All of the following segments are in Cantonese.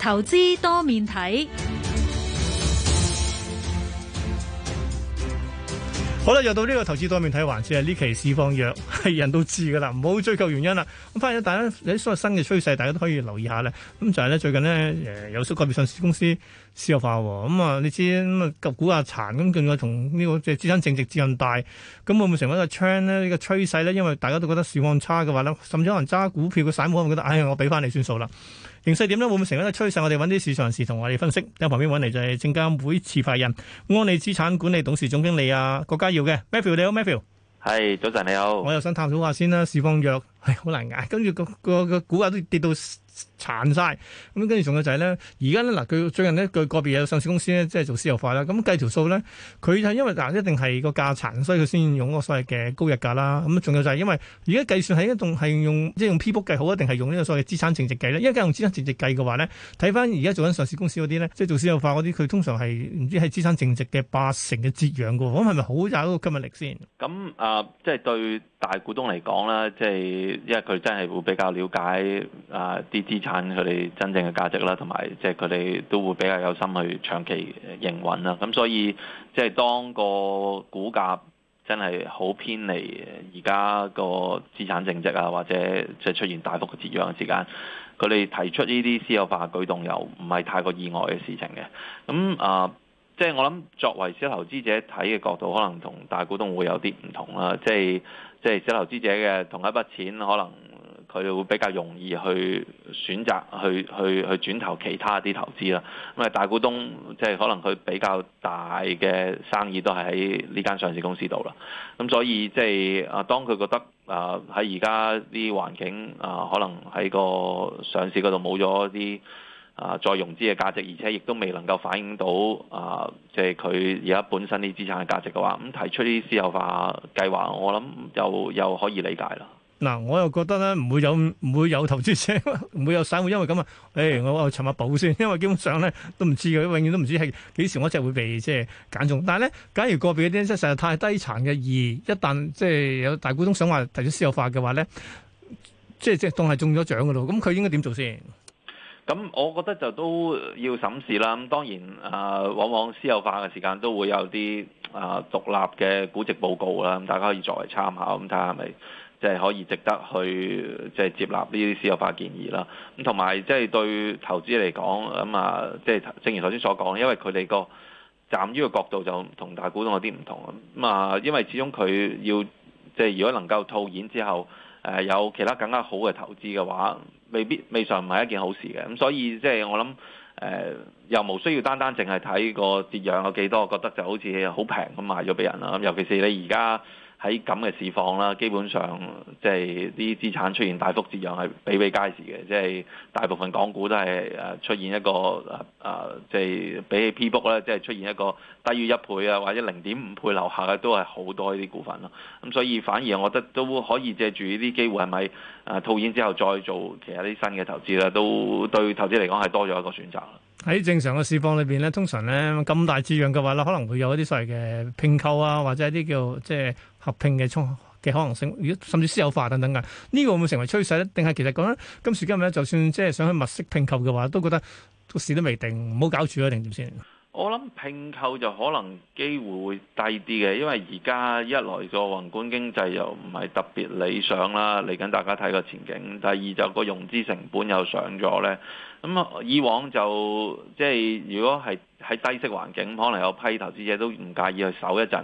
投資多面睇，好啦，又到呢個投資多面睇環節。呢期市況弱，係人都知噶啦，唔好追究原因啦。咁反而大家你有啲新嘅趨勢，大家都可以留意下咧。咁就係呢，最近呢，誒、呃，有少個別上市公司私有化。咁、嗯、啊，你知咁、嗯、啊，個股啊殘咁，仲有同呢個即係資產淨值折咁大，咁、嗯、會唔會成為一個趨勢咧？呢、這個趨勢呢，因為大家都覺得市況差嘅話呢，甚至可能揸股票嘅散戶會，會覺得，哎，我俾翻你算數啦。形勢點咧？會唔會成為一個趨勢？我哋揾啲市場人士同我哋分析。喺旁邊揾嚟就係證監會持牌人安里資產管理董事總經理啊，郭家耀嘅。Matthew 你好，Matthew。係早晨，你好。我又想探討下先啦、啊，市況弱係好難捱，跟住個個個，個股價都跌到。殘晒咁，跟住仲有就係咧，而家咧嗱，佢最近呢，佢個別有上市公司咧，即係做私有化啦。咁、嗯、計條數咧，佢就因為嗱一定係個價殘，所以佢先用嗰個所謂嘅高溢價啦。咁、嗯、仲有就係因為而家計算係一種係用即係用 P book 計好定係用呢個所謂資產淨值計咧？因為而家用資產淨值計嘅話咧，睇翻而家做緊上市公司嗰啲咧，即係做私有化嗰啲，佢通常係唔知係資產淨值嘅八成嘅折讓噶喎。咁係咪好有一個吸引力先？咁啊，即、呃、係、就是、對大股東嚟講啦，即、就、係、是、因為佢真係會比較了解啊啲。呃呃資產佢哋真正嘅價值啦，同埋即係佢哋都會比較有心去長期營運啦。咁所以即係、即係、當個股價真係好偏離而家個資產淨值啊，或者即係出現大幅嘅折讓嘅時間，佢哋提出呢啲私有化舉動又唔係太過意外嘅事情嘅。咁啊，即、呃、係、即係、我諗作為小投資者睇嘅角度，可能同大股東會有啲唔同啦。即係即係小投資者嘅同一筆錢可能。佢哋會比較容易去選擇去去去轉投其他啲投資啦。咁啊，大股東即係、就是、可能佢比較大嘅生意都係喺呢間上市公司度啦。咁所以即係啊，當佢覺得啊喺而家啲環境啊、呃，可能喺個上市嗰度冇咗啲啊再融資嘅價值，而且亦都未能夠反映到啊，即係佢而家本身啲資產嘅價值嘅話，咁提出啲私有化計劃，我諗又又可以理解啦。嗱，我又覺得咧，唔會有唔會有投資者，唔會有散戶，因為咁啊。誒、哎，我我尋日補先，因為基本上咧都唔知嘅，永遠都唔知係幾時嗰隻會被即係揀中。但係咧，假如個別啲即係實在太低殘嘅二，一旦即係有大股東想話提出私有化嘅話咧，即係即係當係中咗獎噶咯。咁佢應該點做先？咁、嗯、我覺得就都要審視啦。咁當然啊、呃，往往私有化嘅時間都會有啲啊、呃、獨立嘅估值報告啦。咁大家可以作為參考，咁睇下係咪。即係可以值得去即係接納呢啲私有化建議啦。咁同埋即係對投資嚟講，咁、嗯、啊即係、就是、正如頭先所講，因為佢哋個站於個角度就同大股東有啲唔同。咁、嗯、啊，因為始終佢要即係、就是、如果能夠套現之後，誒、呃、有其他更加好嘅投資嘅話，未必未嘗唔係一件好事嘅。咁、嗯、所以即係我諗誒、呃，又冇需要單單淨係睇個折讓有幾多，覺得就好似好平咁賣咗俾人啦、嗯。尤其是你而家，喺咁嘅市況啦，基本上即係啲資產出現大幅折讓係比比皆是嘅，即係大部分港股都係誒出現一個誒誒，即、呃、係、係比起 P book 咧，即係出現一個低於一倍啊，或者零點五倍樓下嘅都係好多呢啲股份咯。咁所以反而我覺得都可以借住呢啲機會係咪誒套現之後再做其他啲新嘅投資咧，都對投資嚟講係多咗一個選擇。喺正常嘅市況裏邊咧，通常咧咁大折讓嘅話咧，可能會有一啲所謂嘅併購啊，或者一啲叫即係。合併嘅衝嘅可能性，如果甚至私有化等等嘅，呢個會唔會成為趨勢咧？定係其實講緊今時今日咧，就算即係想去物色併購嘅話，都覺得個事都未定，唔好搞住啊！定點先？我諗併購就可能機會會低啲嘅，因為而家一來個宏觀經濟又唔係特別理想啦，嚟緊大家睇個前景；第二就個融資成本又上咗咧。咁以往就即係如果係。喺低息環境，可能有批投資者都唔介意去守一陣，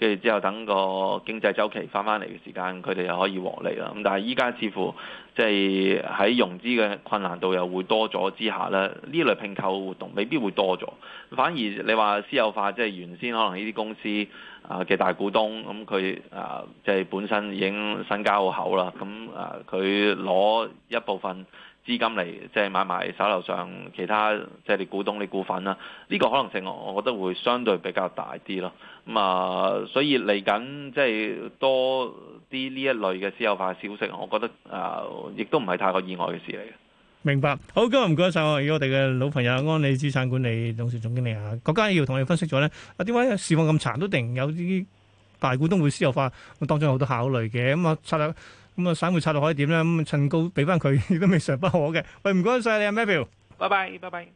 跟住之後等個經濟周期翻翻嚟嘅時間，佢哋又可以獲利啦。咁但係依家似乎即係喺融資嘅困難度又會多咗之下呢，呢類併購活動未必會多咗，反而你話私有化即係、就是、原先可能呢啲公司啊嘅大股東，咁佢啊即係本身已經身家好厚啦，咁啊佢攞一部分。資金嚟即係買埋手樓上其他即係、就是、你股東你股份啦，呢、這個可能性我覺得會相對比較大啲咯。咁、嗯、啊，所以嚟緊即係多啲呢一類嘅私有化消息，我覺得啊、呃，亦都唔係太過意外嘅事嚟嘅。明白。好，今日唔該晒我我哋嘅老朋友安里資產管理董事總經理啊，郭家耀同你分析咗咧啊，點解事況咁殘都定有啲？大股東會私有化，當中有好多考慮嘅。咁、嗯、啊，策略咁啊、嗯，省會策略可以點咧？咁趁高俾翻佢，亦 都未嘗不可嘅。喂，唔該晒你啊，Michael，拜拜，拜拜。